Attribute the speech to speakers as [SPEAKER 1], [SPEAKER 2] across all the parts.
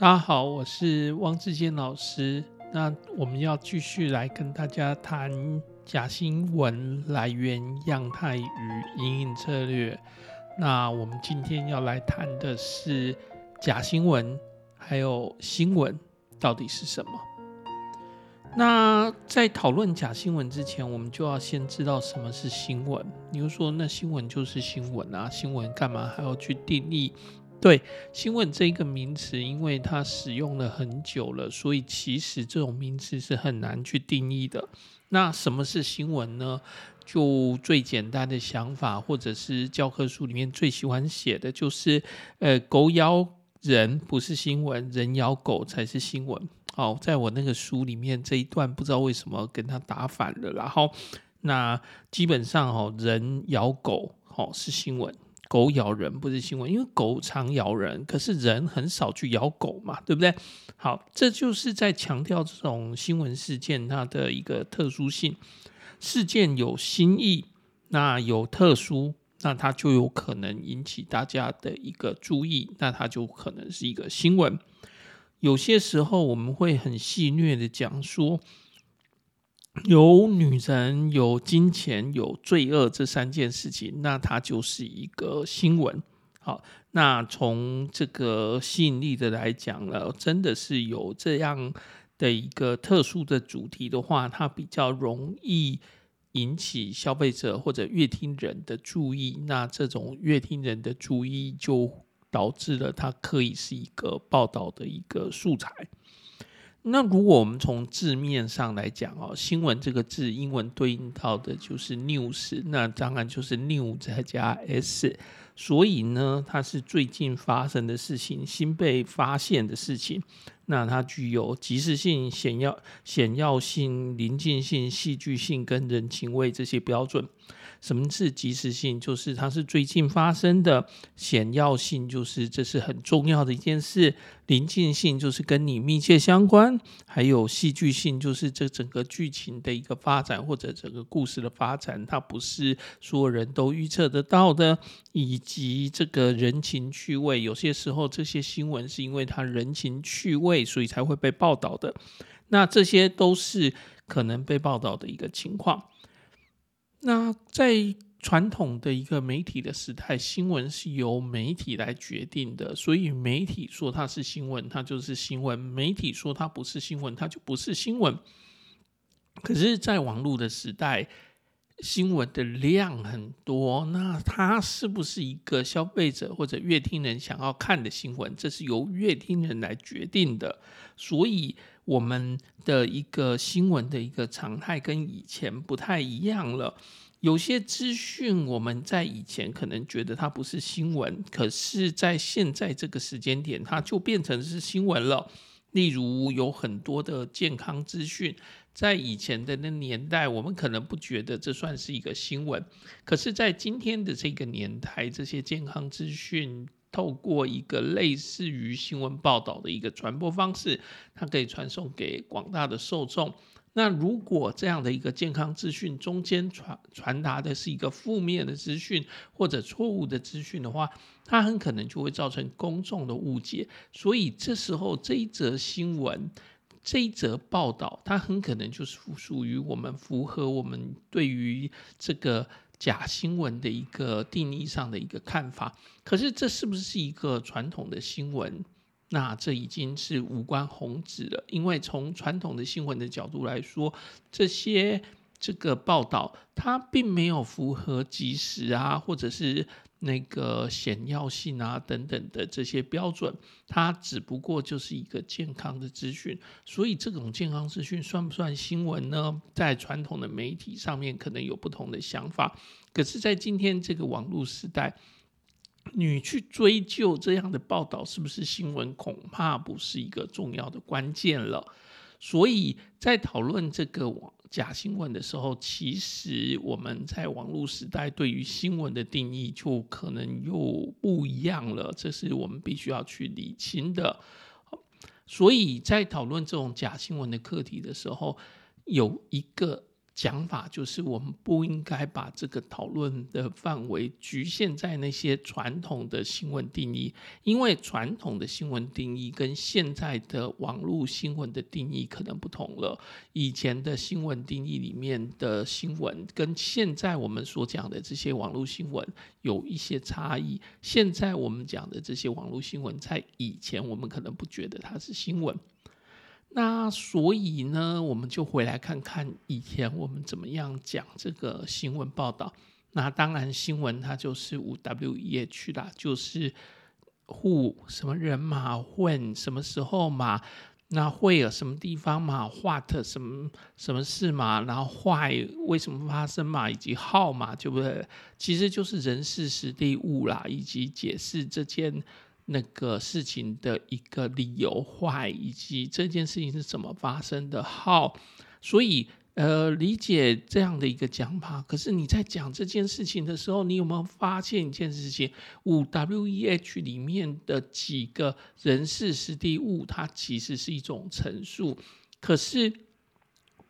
[SPEAKER 1] 大家好，我是汪志堅老師。那我們要繼續來跟大家談假新聞來源、樣態與因應策略。那我們今天要來談的是假新聞，還有新聞到底是什麼？那在討論假新聞之前，我們就要先知道什麼是新聞。你就說，那新聞就是新聞啊，新聞幹嘛還要去定義？對，新聞這一個名詞，因為它使用了很久了，所以其實這種名詞是很難去定義的。那什麼是新聞呢？就最簡單的想法，或者是教科書裡面最喜歡寫的就是：呃，狗咬人不是新聞，人咬狗才是新聞。好，在我那個書裡面這一段不知道為什麼跟它打反了。然後，那基本上哦，人咬狗哦，是新聞。狗咬人不是新聞，因為狗常咬人，可是人很少去咬狗嘛，對不對？好，這就是在強調這種新聞事件它的一個特殊性。事件有新意，那有特殊，那它就有可能引起大家的一個注意，那它就可能是一個新聞。有些時候我們會很戲謔的講說，有女人、有金錢、有罪惡這三件事情，那它就是一個新聞。好，那從這個吸引力的來講呢、呃，真的是有這樣的一個特殊的主題的話，它比較容易引起消費者或者閱聽人的注意。那這種閱聽人的注意，就導致了它可以是一個報道的一個素材。那如果我們從字面上來講哦，新聞這個字，英文對應到的就是 news，那當然就是 new 再加 s，所以呢，它是最近發生的事情，新被發現的事情，那它具有及時性、顯要、顯要性、臨近性、戲劇性跟人情味這些標準。什麼是及時性？就是它是最近發生的。顯要性就是這是很重要的一件事。臨近性就是跟你密切相關。還有戲劇性就是這整個劇情的一個發展，或者整個故事的發展，它不是所有人都預測得到的。以及這個人情趣味，有些時候這些新聞是因為它人情趣味，所以才會被報道的。那這些都是可能被報道的一個情況。那在傳統的一個媒體的時代，新聞是由媒體來決定的，所以媒體說它是新聞，它就是新聞；媒體說它不是新聞，它就不是新聞。可是在網絡的時代，新聞的量很多，那它是不是一個消費者或者閱聽人想要看的新聞？這是由閱聽人來決定的。所以我們的一個新聞的一個常態跟以前不太一樣了。有些資訊我們在以前可能覺得它不是新聞，可是，在現在這個時間點，它就變成是新聞了。例如，有很多的健康資訊。在以前的那年代，我們可能不覺得這算是一個新聞。可是，在今天的這個年代，這些健康資訊透過一個類似於新聞報道的一個傳播方式，它可以傳送給廣大的受眾。那如果這樣的一個健康資訊中間傳傳達的是一個負面的資訊或者錯誤的資訊的話，它很可能就會造成公眾的誤解。所以，這時候這一則新聞。這一則報道，它很可能就是屬於我們符合我們對於這個假新聞的一個定義上的一個看法。可是，這是不是一個傳統的新聞？那這已經是無關宏旨了，因為從傳統的新聞的角度來說，這些這個報道它並沒有符合即時啊，或者是。那個顯要性啊等等的這些標準，它只不過就是一個健康的資訊，所以這種健康資訊算不算新聞呢？在傳統的媒體上面可能有不同的想法，可是，在今天這個網絡時代，你去追究這樣的報道是不是新聞，恐怕不是一個重要的關鍵了。所以在討論這個網。假新聞的時候，其實我們在網絡時代對於新聞的定義就可能又不一樣了，這是我們必須要去理清的。所以在討論這種假新聞的課題的時候，有一個。講法就是，我們不應該把這個討論的範圍局限在那些傳統的新聞定義，因為傳統的新聞定義跟現在的網絡新聞的定義可能不同了。以前的新聞定義裡面的新聞，跟現在我們所講的這些網絡新聞有一些差異。現在我們講的這些網絡新聞，在以前我們可能不覺得它是新聞。那所以呢，我們就回來看看以前我們怎麼樣講這個新聞報道。那當然，新聞它就是五 W 一 H 啦，就是 Who 什麼人嘛，When 什麼時候嘛，那 Where 什麼地方嘛，What 什麼什麼事嘛，然後 Why 為什麼發生嘛，以及 How 嘛，對不對？其實就是人事時地物啦，以及解釋這件。那個事情的一個理由壞，以及這件事情是怎麼發生的。好，所以呃，理解這樣的一個講法。可是你在講這件事情的時候，你有沒有發現一件事情？五 W E H 裡面的幾個人、事、時、地、物，它其實是一種陳述。可是。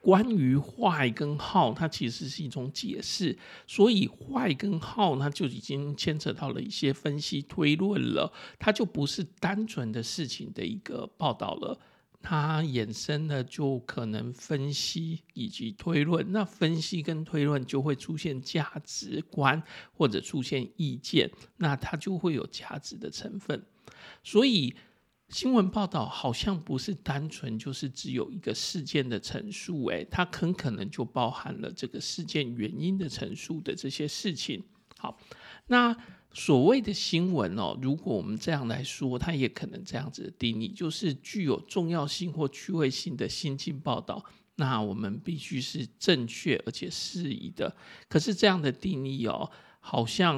[SPEAKER 1] 關於壞跟好，它其實是一種解釋，所以壞跟好，它就已經牽扯到了一些分析推論了。它就不是單純的事情的一個報道了，它衍生的就可能分析以及推論。那分析跟推論就會出現價值觀或者出現意見，那它就會有價值的成分。所以。新聞報道好像不是單純就是只有一個事件的陳述，欸，哎，它很可能就包含了這個事件原因的陳述的這些事情。好，那所謂的新聞哦，如果我們這樣來說，它也可能這樣子的定義，就是具有重要性或趣味性的新進報道。那我們必須是正確而且適宜的。可是這樣的定義哦。好像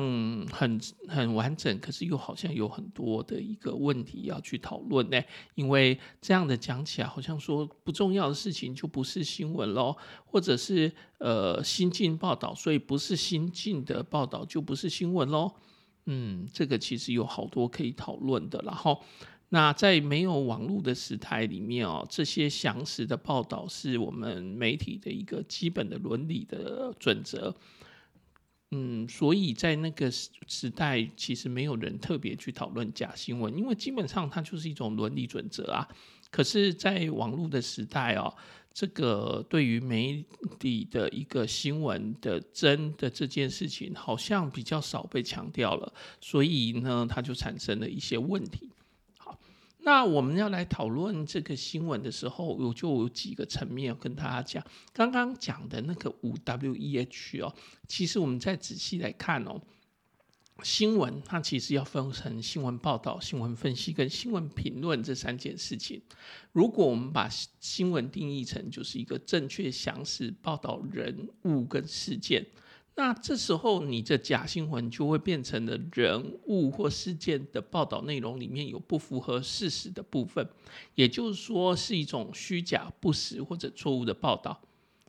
[SPEAKER 1] 很很完整，可是又好像有很多的一個問題要去討論呢？因為這樣的講起來，好像說不重要的事情就不是新聞咯，或者是呃新近報道所以不是新近的報道就不是新聞咯。嗯，這個其實有好多可以討論的。然後，那在沒有網絡的時代裡面哦，這些詳實的報道是我們媒體的一個基本的倫理的準則。嗯，所以在那個時時代，其實沒有人特別去討論假新聞，因為基本上它就是一種倫理準則啊。可是，在網絡的時代哦，這個對於媒體的一個新聞的真的這件事情，好像比較少被強調了，所以呢，它就產生了一些問題。那我們要來討論這個新聞的時候，我就有幾個層面要跟大家講。剛剛講的那個五 W E H 哦，其實我們再仔細來看哦，新聞它其實要分成新聞報道、新聞分析跟新聞評論這三件事情。如果我們把新聞定義成就是一個正確、詳實報道人物跟事件。那這時候，你的假新聞就會變成了人物或事件的報道內容裡面有不符合事實的部分，也就是說，是一種虛假、不實或者錯誤的報道。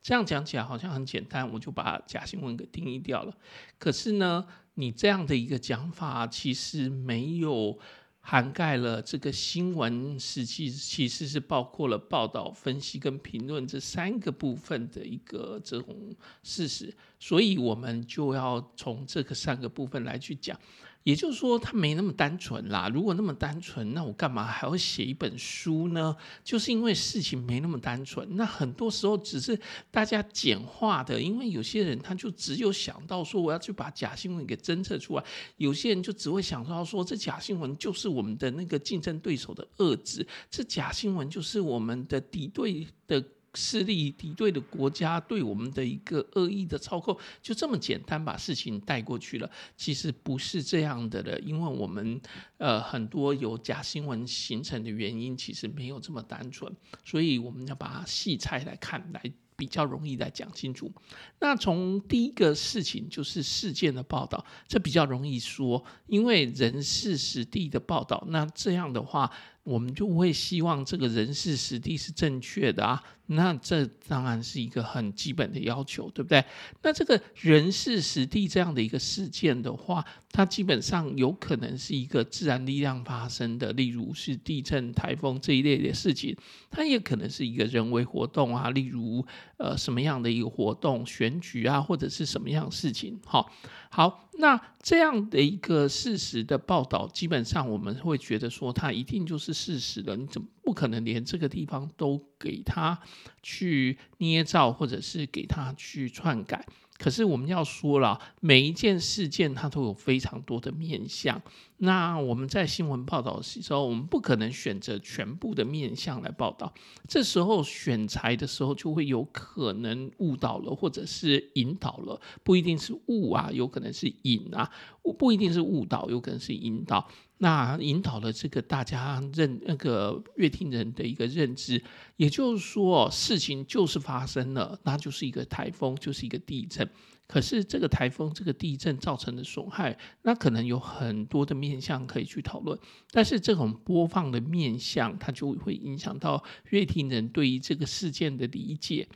[SPEAKER 1] 這樣講起來好像很簡單，我就把假新聞給定義掉了。可是呢，你這樣的一個講法，其實沒有。涵蓋了這個新聞實際，其實是包括了報道、分析跟評論這三個部分的一個這種事實，所以我們就要從這個三個部分來去講。也就是說，它沒那麼單純啦。如果那麼單純，那我幹嘛還要寫一本書呢？就是因為事情沒那麼單純。那很多時候只是大家簡化的，因為有些人他就只有想到說我要去把假新聞給偵測出來；有些人就只會想到說這假新聞就是我們的那個競爭對手的惡質，這假新聞就是我們的敵對的。勢力敵對的國家對我們的一個惡意的操控，就這麼簡單把事情帶過去了？其實不是這樣的了，因為我們呃很多有假新聞形成的原因其實沒有這麼單純，所以我們要把它細拆來看，來比較容易來講清楚。那從第一個事情就是事件的報道，這比較容易說，因為人事實地的報道，那這樣的話。我們就會希望這個人事時地是正確的啊，那這當然是一個很基本的要求，對不對？那這個人事時地這樣的一個事件的話，它基本上有可能是一個自然力量發生的，例如是地震、台風這一類的事情；它也可能是一個人為活動啊，例如呃什麼樣的一個活動、選舉啊，或者是什麼樣的事情。好、哦，好。那這樣的一個事實的報道，基本上我們會覺得說，它一定就是事實的。你怎麼不可能連這個地方都給它去捏造，或者是給它去篡改？可是我們要說了，每一件事件它都有非常多的面向。那我們在新聞報道的時候，我們不可能選擇全部的面向來報道。這時候選材的時候，就會有可能誤導了，或者是引導了。不一定是誤啊，有可能是引啊。不不一定是誤導，有可能是引導。那引導了這個大家認那個閱聽人的一個認知，也就是說，事情就是發生了，那就是一個颱風，就是一個地震。可是這個颱風、這個地震造成的損害，那可能有很多的面向可以去討論。但是這種播放的面向，它就會影響到閱聽人對於這個事件的理解。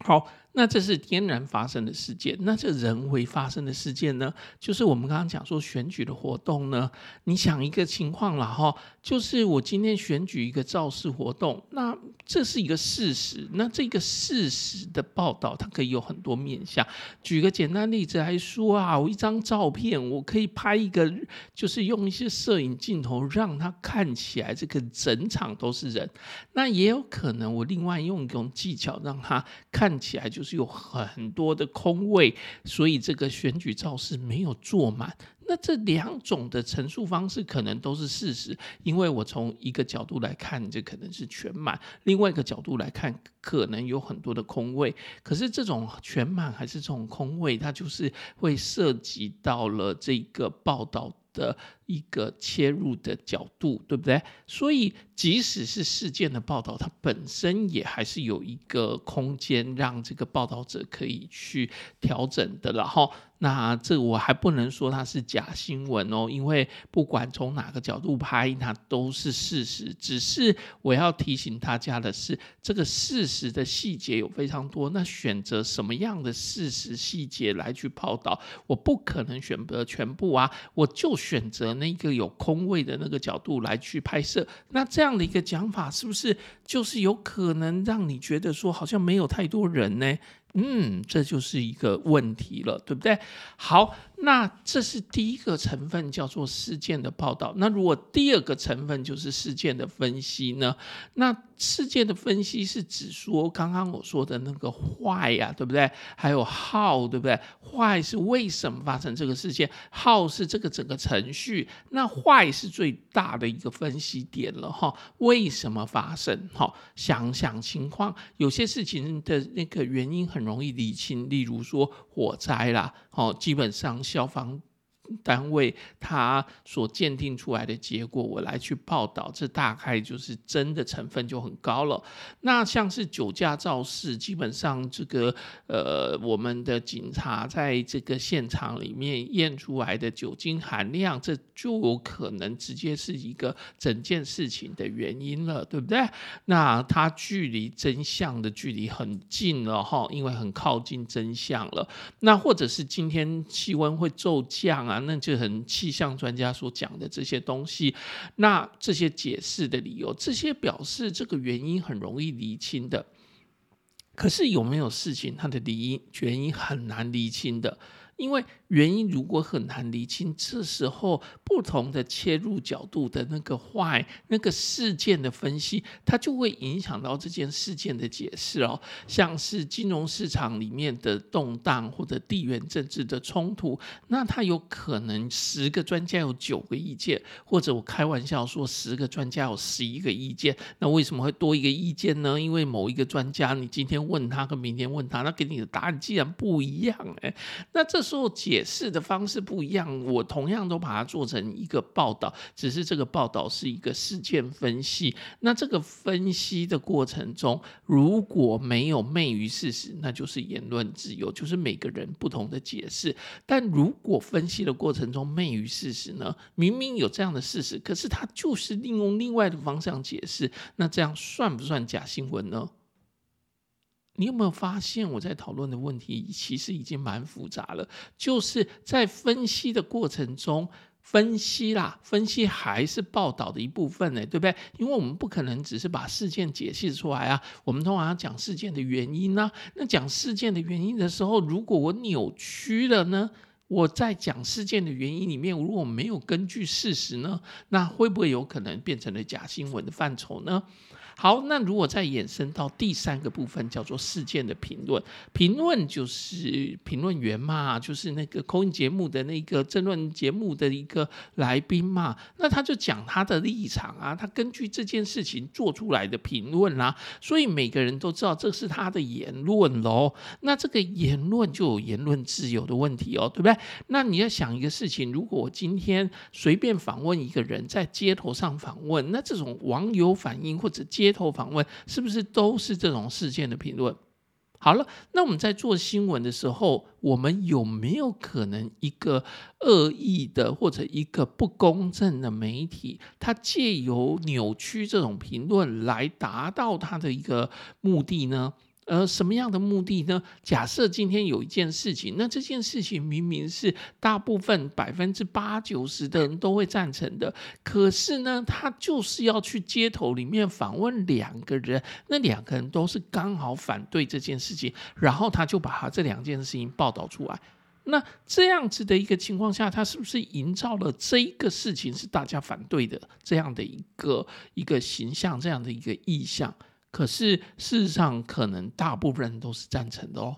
[SPEAKER 1] 好。那這是天然發生的事件，那這人為發生的事件呢？就是我們剛剛講說選舉的活動呢，你想一個情況了哈哦，就是我今天選舉一個造勢活動，那這是一個事實，那這個事實的報道，它可以有很多面向。舉個簡單例子來說啊，我一張照片，我可以拍一個，就是用一些攝影鏡頭讓它看起來這個整場都是人，那也有可能我另外用一種技巧讓它看起來就是。就是有很多的空位，所以這個選舉造勢沒有坐滿。那這兩種的陳述方式可能都是事實，因為我從一個角度來看，這可能是全滿；另外一個角度來看，可能有很多的空位。可是這種全滿還是這種空位，它就是會涉及到了這個報道的。一個切入的角度，對不對？所以，即使是事件的報道，它本身也還是有一個空間讓這個報道者可以去調整的。然後，那這我還不能說它是假新聞哦，因為不管從哪個角度拍，它都是事實。只是我要提醒大家的是，這個事實的細節有非常多，那選擇什麼樣的事實細節來去報道我不可能選擇全部啊，我就選擇。那一個有空位的那個角度來去拍攝，那這樣的一個講法，是不是就是有可能讓你覺得說，好像沒有太多人呢？嗯，這就是一個問題了，對不對？好，那這是第一個成分叫做事件的報道。那如果第二個成分就是事件的分析呢？那事件的分析是指說剛剛我說的那個壞呀、啊，對不對？還有 how，對不對？壞是為什麼發生這個事件？how 是這個整個程序？那壞是最大的一個分析點了哈？為什麼發生？哈，想想情況，有些事情的那個原因很。容易理清，例如說火災啦，哦，基本上消防。單位他所鑑定出來的結果，我來去報道，這大概就是真的成分就很高了。那像是酒駕肇事，基本上這個呃，我們的警察在這個現場裡面驗出來的酒精含量，這就有可能直接是一個整件事情的原因了，對不對？那它距離真相的距離很近了哈，因為很靠近真相了。那或者是今天氣溫會驟降啊。啊，那就很氣象專家所講的這些東西，那這些解釋的理由，這些表示這個原因很容易釐清的。可是有沒有事情，它的理因，原因很難釐清的？因為原因如果很難釐清，這時候不同的切入角度的那個壞那個事件的分析，它就會影響到這件事件的解釋哦。像是金融市場裡面的動盪，或者地緣政治的衝突，那它有可能十個專家有九個意見，或者我開玩笑說十個專家有十一個意見。那為什麼會多一個意見呢？因為某一個專家，你今天問他，跟明天問他，那給你的答案竟然不一樣、欸，哎，那這。說解釋的方式不一樣，我同樣都把它做成一個報道，只是這個報道是一個事件分析。那這個分析的過程中，如果沒有昧於事實，那就是言論自由，就是每個人不同的解釋。但如果分析的過程中昧於事實呢？明明有這樣的事實，可是它就是利用另外的方向解釋，那這樣算不算假新聞呢？你有沒有發現，我在討論的問題其實已經蠻複雜了？就是在分析的過程中，分析啦，分析還是報道的一部分呢、欸，對不對？因為我們不可能只是把事件解析出來啊，我們通常要講事件的原因呢、啊。那講事件的原因的時候，如果我扭曲了呢，我在講事件的原因裡面如果沒有根據事實呢，那會不會有可能變成了假新聞的範疇呢？好，那如果再延伸到第三個部分，叫做事件的評論。評論就是評論員嘛，就是那個 call-in 節目的那個爭論節目的一個來賓嘛。那他就講他的立場啊，他根據這件事情做出來的評論啦、啊。所以每個人都知道這是他的言論嘍。那這個言論就有言論自由的問題哦，對不對？那你要想一個事情，如果我今天隨便訪問一個人，在街頭上訪問，那這種網友反應或者街頭訪問是不是都是這種事件的評論？好了，那我們在做新聞的時候，我們有沒有可能一個惡意的或者一個不公正的媒體，他借由扭曲這種評論來達到他的一個目的呢？呃，什麼樣的目的呢？假設今天有一件事情，那這件事情明明是大部分百分之八九十的人都會贊成的，可是呢，他就是要去街頭裡面訪問兩個人，那兩個人都是剛好反對這件事情，然後他就把他這兩件事情報道出來。那這樣子的一個情況下，他是不是營造了這一個事情是大家反對的這樣的一個一個形象，這樣的一個意象？可是事實上，可能大部分人都是贊成的哦。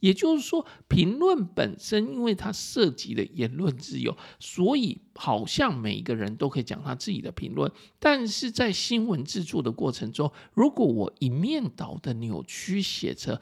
[SPEAKER 1] 也就是說，評論本身，因為它涉及的言論自由，所以好像每一個人都可以講他自己的評論。但是在新聞製作的過程中，如果我一面倒的扭曲寫着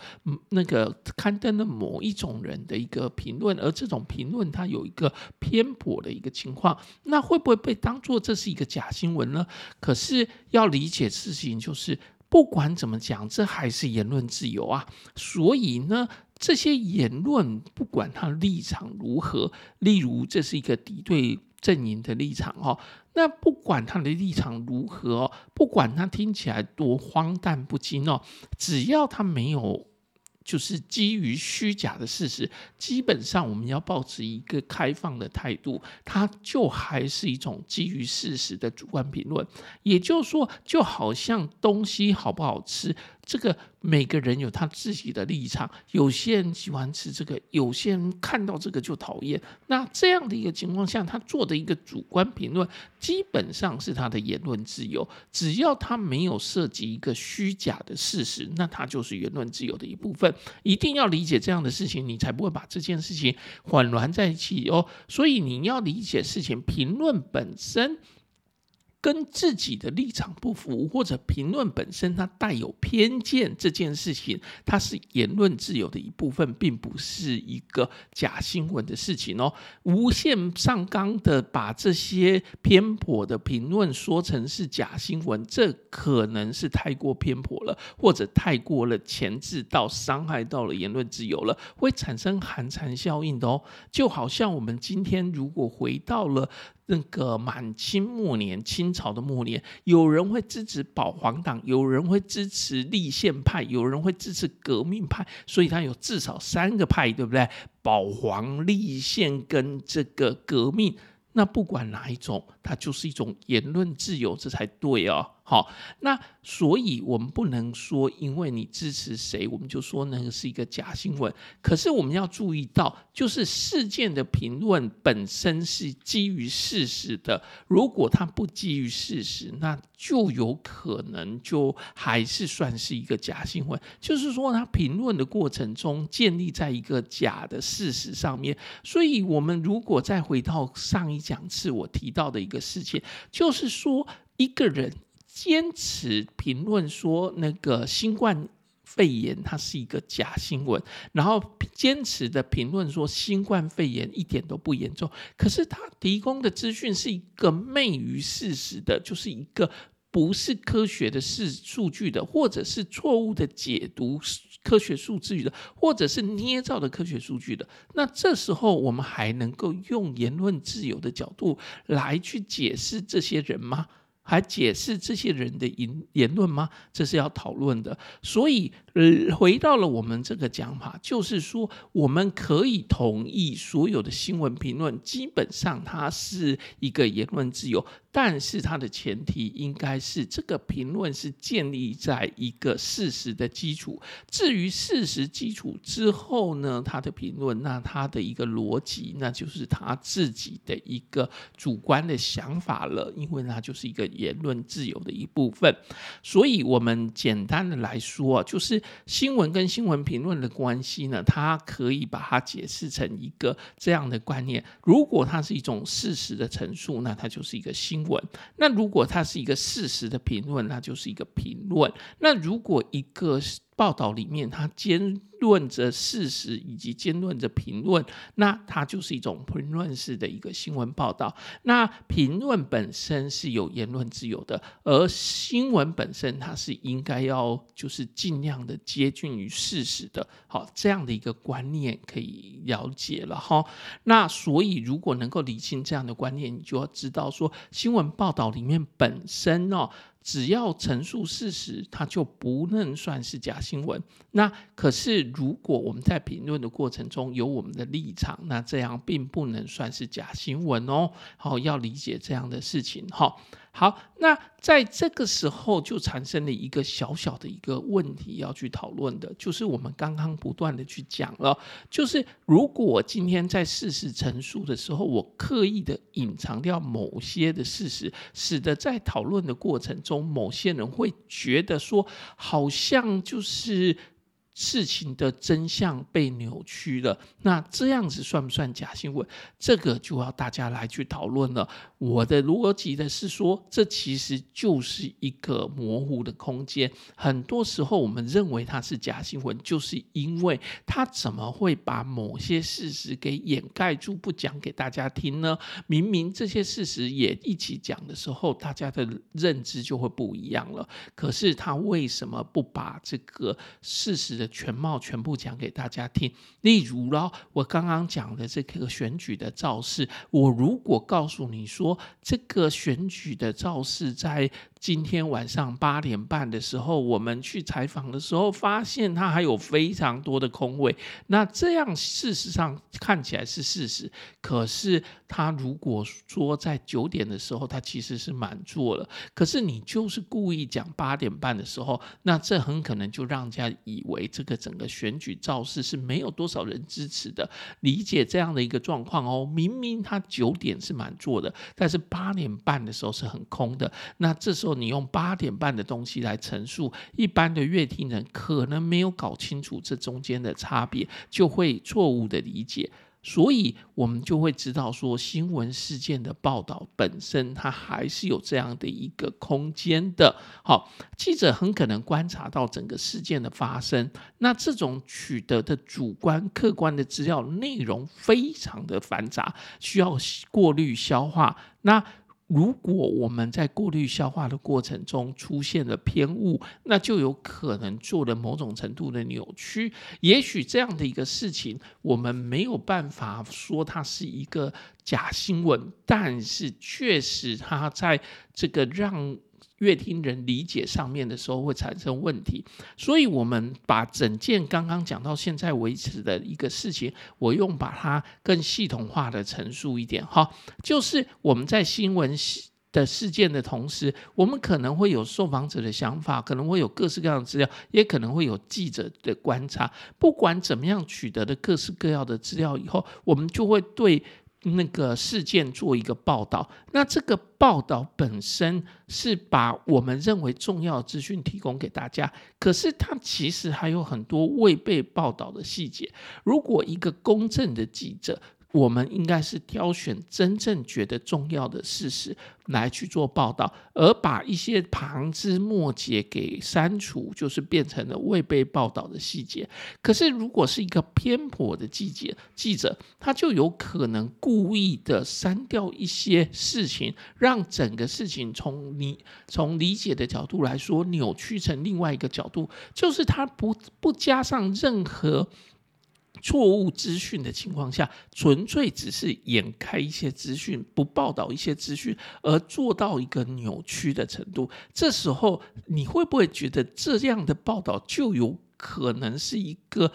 [SPEAKER 1] 那個刊登的某一種人的一個評論，而這種評論它有一個偏頗的一個情況，那會不會被當作這是一個假新聞呢？可是要理解事情就是。不管怎麼講，這還是言論自由啊。所以呢，這些言論不管他的立場如何，例如這是一個敵對陣營的立場哦，那不管他的立場如何，不管他聽起來多荒誕不經哦，只要他沒有。就是基於虛假的事實，基本上我們要保持一個開放的態度，它就還是一種基於事實的主觀評論。也就是說，就好像東西好不好吃。這個每個人有他自己的立場，有些人喜歡吃這個，有些人看到這個就討厭。那這樣的一個情況下，他做的一個主觀評論，基本上是他的言論自由。只要他沒有涉及一個虛假的事實，那他就是言論自由的一部分。一定要理解這樣的事情，你才不會把這件事情混亂在一起哦。所以你要理解事情，評論本身跟自己的立場不符，或者評論本身它帶有偏見，這件事情它是言論自由的一部分，並不是一個假新聞的事情哦。無限上綱的把這些偏頗的評論說成是假新聞，這可能是太過偏頗了，或者太過了前置到傷害到了言論自由了，會產生寒蟬效應的哦。就好像我們今天如果回到了。那個滿清末年，清朝的末年，有人會支持保皇黨，有人會支持立憲派，有人會支持革命派，所以他有至少三個派，對不對？保皇、立憲跟這個革命，那不管哪一種，它就是一種言論自由，這才對啊。好，那所以我們不能說因為你支持誰，我們就說那個是一個假新聞。可是我們要注意到，就是事件的評論本身是基於事實的。如果它不基於事實，那就有可能就還是算是一個假新聞。就是說，他評論的過程中建立在一個假的事實上面。所以我們如果再回到上一講次我提到的一個事件，就是說一個人。堅持評論說那個新冠肺炎，它是一個假新聞，然後堅持的評論說新冠肺炎一點都不嚴重，可是他提供的資訊是一個昧於事實的，就是一個不是科學的、是數據的，或者是錯誤的解讀科學數據的，或者是捏造的科學數據的。那這時候我們還能夠用言論自由的角度來去解釋這些人嗎？還解釋這些人的言言論嗎？這是要討論的，所以。呃，回到了我們這個講法，就是說我們可以同意所有的新聞評論，基本上它是一個言論自由，但是它的前提應該是這個評論是建立在一個事實的基礎。至於事實基礎之後呢，他的評論，那他的一個邏輯，那就是他自己的一個主觀的想法了，因為它就是一個言論自由的一部分。所以，我們簡單的來說，就是。新聞跟新聞評論的關係呢？它可以把它解釋成一個這樣的觀念：如果它是一種事實的陳述，那它就是一個新聞；那如果它是一個事實的評論，那就是一個評論；那如果一個報道裡面它兼論着事實以及兼論着評論，那它就是一種評論式的一個新聞報道。那評論本身是有言論自由的，而新聞本身它是應該要就是盡量的接近於事實的。好，這樣的一個觀念可以了解了哈。那所以，如果能夠理清這樣的觀念，你就要知道說，新聞報道裡面本身哦，只要陳述事實，它就不能算是假新聞。那可是。如果我們在評論的過程中有我們的立場，那這樣並不能算是假新聞哦。好，要理解這樣的事情。好，好，那在這個時候就產生了一個小小的一個問題要去討論的，就是我們剛剛不斷地去講了，就是如果我今天在事實陳述的時候，我刻意的隱藏掉某些的事實，使得在討論的過程中，某些人會覺得說，好像就是。事情的真相被扭曲了，那這樣子算不算假新聞？這個就要大家來去討論了。我的邏輯的是說，這其實就是一個模糊的空間。很多時候，我們認為它是假新聞，就是因為它怎麼會把某些事實給掩蓋住，不講給大家聽呢？明明這些事實也一起講的時候，大家的認知就會不一樣了。可是他為什麼不把這個事實的全貌全部講給大家聽，例如嘍，我剛剛講的這個選舉的造勢，我如果告訴你說，這個選舉的造勢在。今天晚上八點半的時候，我們去採訪的時候，發現他還有非常多的空位。那這樣事實上看起來是事實，可是他如果說在九點的時候，他其實是滿座了。可是你就是故意講八點半的時候，那這很可能就讓人家以為這個整個選舉造勢是沒有多少人支持的。理解這樣的一個狀況哦，明明他九點是滿座的，但是八點半的時候是很空的。那這時候。你用八點半的東西來陳述，一般的閱聽人可能沒有搞清楚這中間的差別，就會錯誤的理解。所以，我們就會知道說，新聞事件的報道本身，它還是有這樣的一個空間的。好，記者很可能觀察到整個事件的發生，那這種取得的主觀、客觀的資料內容非常的繁雜，需要過濾、消化。那如果我們在過濾、消化的過程中出現了偏誤，那就有可能做了某種程度的扭曲。也許這樣的一個事情，我們沒有辦法說它是一個假新聞，但是確實它在這個讓閱聽人理解上面的時候會產生問題，所以，我們把整件剛剛講到現在為止的一個事情，我用把它更系統化的陳述一點，哈，就是我們在新聞的事件的同時，我們可能會有受訪者的想法，可能會有各式各樣的資料，也可能會有記者的觀察，不管怎麼樣取得的各式各樣的資料以後，我們就會對。那個事件做一個報道，那這個報道本身是把我們認為重要資訊提供給大家，可是它其實還有很多未被報道的細節。如果一個公正的記者，我們應該是挑選真正覺得重要的事實來去做報道，而把一些旁枝末節給刪除，就是變成了未被報道的細節。可是，如果是一個偏頗的記者，他就有可能故意的刪掉一些事情，讓整個事情從你從理解的角度來說扭曲成另外一個角度，就是他不不加上任何。錯誤資訊的情況下，純粹只是掩蓋一些資訊，不報道一些資訊，而做到一個扭曲的程度。這時候，你會不會覺得這樣的報道就有可能是一個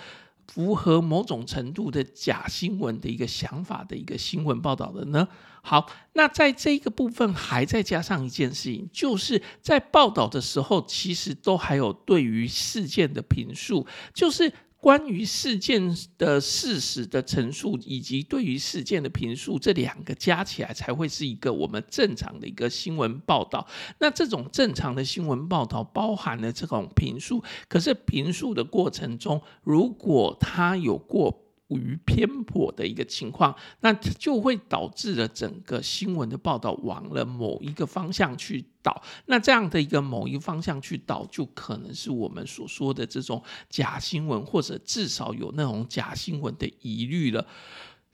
[SPEAKER 1] 符合某種程度的假新聞的一個想法的一個新聞報道的呢？好，那在這個部分還再加上一件事情，就是在報道的時候，其實都還有對於事件的評述，就是。關於事件的事實的陳述，以及對於事件的評述，這兩個加起來才會是一個我們正常的一個新聞報道。那這種正常的新聞報道包含了這種評述，可是評述的過程中，如果他有過。過於偏頗的一個情況，那就會導致了整個新聞的報道往了某一個方向去導，那這樣的一個某一個方向去導，就可能是我們所說的這種假新聞，或者至少有那種假新聞的疑慮了。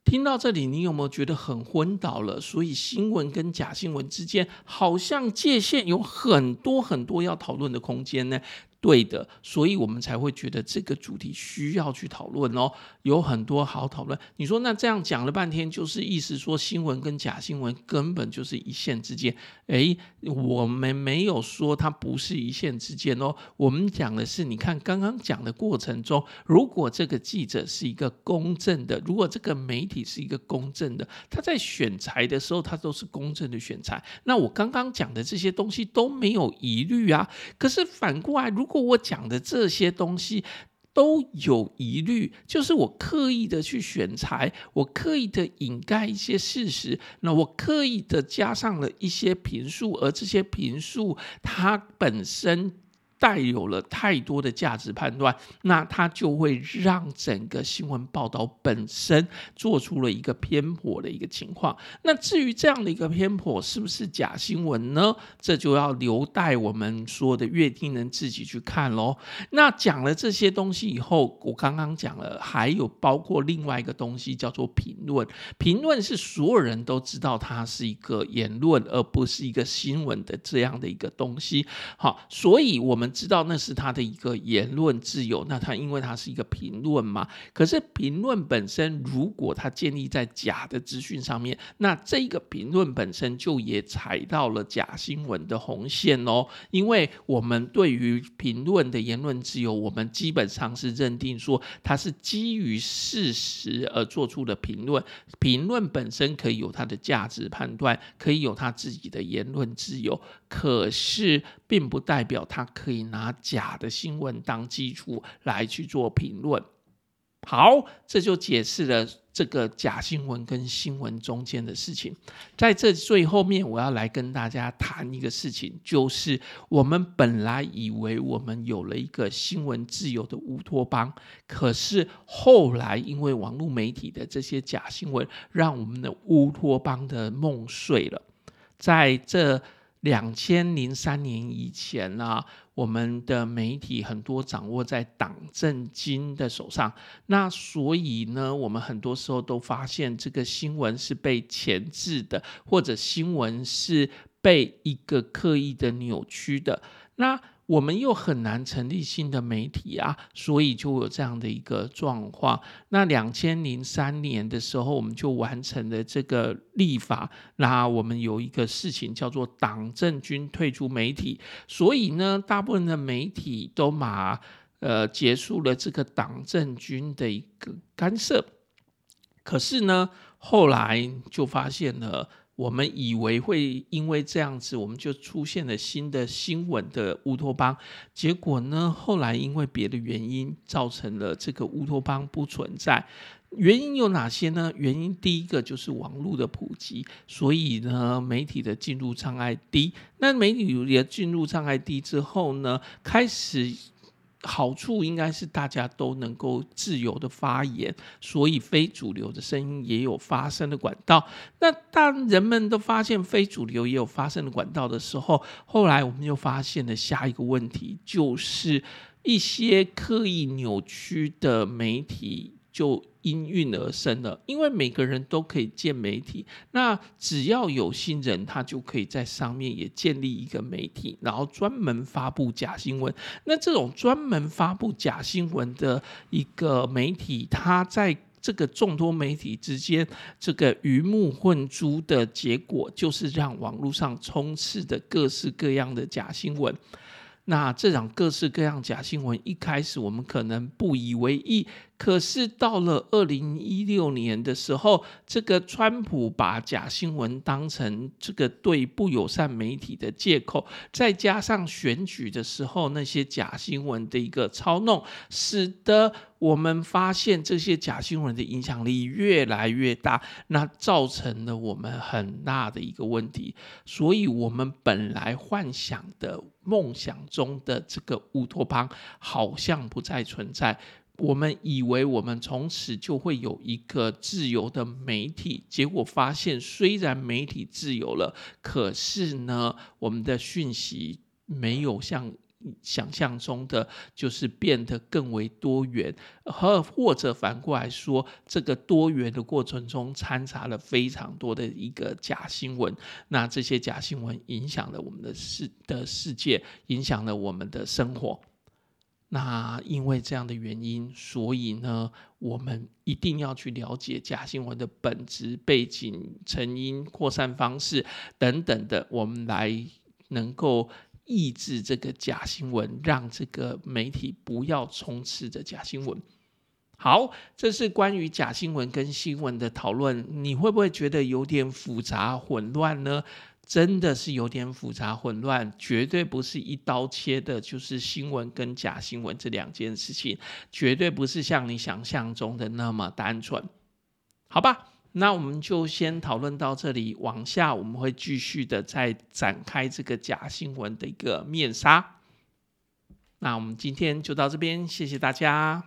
[SPEAKER 1] 聽到這裡，你有沒有覺得很昏倒了？所以新聞跟假新聞之間，好像界限有很多很多要討論的空間呢？對的，所以我們才會覺得這個主題需要去討論哦，有很多好討論。你說那這樣講了半天，就是意思說新聞跟假新聞根本就是一線之間。誒，我們沒有說它不是一線之間哦，我們講的是，你看剛剛講的過程中，如果這個記者是一個公正的，如果這個媒體是一個公正的，他在選材的時候，他都是公正的選材，那我剛剛講的這些東西都沒有疑慮啊。可是反過來，如果我講的這些東西都有疑慮，就是我刻意的去選材，我刻意的掩蓋一些事實，那我刻意的加上了一些評述，而這些評述它本身。帶有了太多的價值判斷，那它就會讓整個新聞報道本身做出了一個偏頗的一個情況。那至於這樣的一個偏頗是不是假新聞呢？這就要留待我們說的閱聽人自己去看嘍。那講了這些東西以後，我剛剛講了，還有包括另外一個東西叫做評論。評論是所有人都知道它是一個言論，而不是一個新聞的這樣的一個東西。好，所以我們。知道那是他的一個言論自由，那他因為他是一個評論嘛，可是評論本身如果他建立在假的資訊上面，那這個評論本身就也踩到了假新聞的紅線哦。因為我們對於評論的言論自由，我們基本上是認定說它是基於事實而做出的評論。評論本身可以有它的價值判斷，可以有它自己的言論自由。可是，並不代表他可以拿假的新聞當基礎來去做評論。好，這就解釋了這個假新聞跟新聞中間的事情。在這最後面，我要來跟大家談一個事情，就是我們本來以為我們有了一個新聞自由的烏托邦，可是後來因為網絡媒體的這些假新聞，讓我們的烏托邦的夢碎了。在這兩千零三年以前啊，我們的媒體很多掌握在黨、政、經的手上，那所以呢，我們很多時候都發現這個新聞是被鉗制的，或者新聞是被一個刻意的扭曲的。那我們又很難成立新的媒體啊，所以就有這樣的一個狀況。那兩千零三年的時候，我們就完成了這個立法。那我們有一個事情叫做黨政軍退出媒體，所以呢，大部分的媒體都嘛，呃，結束了這個黨政軍的一個干涉。可是呢，後來就發現了。我們以為會因為這樣子，我們就出現了新的新聞的烏托邦。結果呢，後來因為別的原因，造成了這個烏托邦不存在。原因有哪些呢？原因第一個就是網絡的普及，所以呢，媒體的進入障礙低。那媒體也進入障礙低之後呢，開始。好處應該是大家都能夠自由的發言，所以非主流的聲音也有發聲的管道。那當人們都發現非主流也有發聲的管道的時候，後來我們又發現了下一個問題，就是一些刻意扭曲的媒體。就應運而生了，因為每個人都可以建媒體，那只要有心人，他就可以在上面也建立一個媒體，然後專門發布假新聞。那這種專門發布假新聞的一個媒體，它在這個眾多媒體之間，這個魚目混珠的結果，就是讓網絡上充斥的各式各樣的假新聞。那這種各式各樣假新聞，一開始我們可能不以為意。可是到了二零一六年的時候，這個川普把假新聞當成這個對不友善媒體的借口，再加上選舉的時候那些假新聞的一個操弄，使得我們發現這些假新聞的影響力越來越大，那造成了我們很大的一個問題。所以，我們本來幻想的夢想中的這個烏托邦，好像不再存在。我們以為我們從此就會有一個自由的媒體，結果發現，雖然媒體自由了，可是呢，我們的訊息沒有像想象中的，就是變得更為多元，和或者反過來說，這個多元的過程中摻雜了非常多的一個假新聞。那這些假新聞影響了我們的世的世界，影響了我們的生活。那因為這樣的原因，所以呢，我們一定要去了解假新聞的本質、背景、成因、擴散方式等等的，我們來能夠抑制這個假新聞，讓這個媒體不要充斥着假新聞。好，這是關於假新聞跟新聞的討論，你會不會覺得有點複雜混亂呢？真的是有點複雜混亂，絕對不是一刀切的，就是新聞跟假新聞這兩件事情，絕對不是像你想象中的那麼單純，好吧？那我們就先討論到這裡，往下我們會繼續的再展開這個假新聞的一個面紗。那我們今天就到這邊，謝謝大家。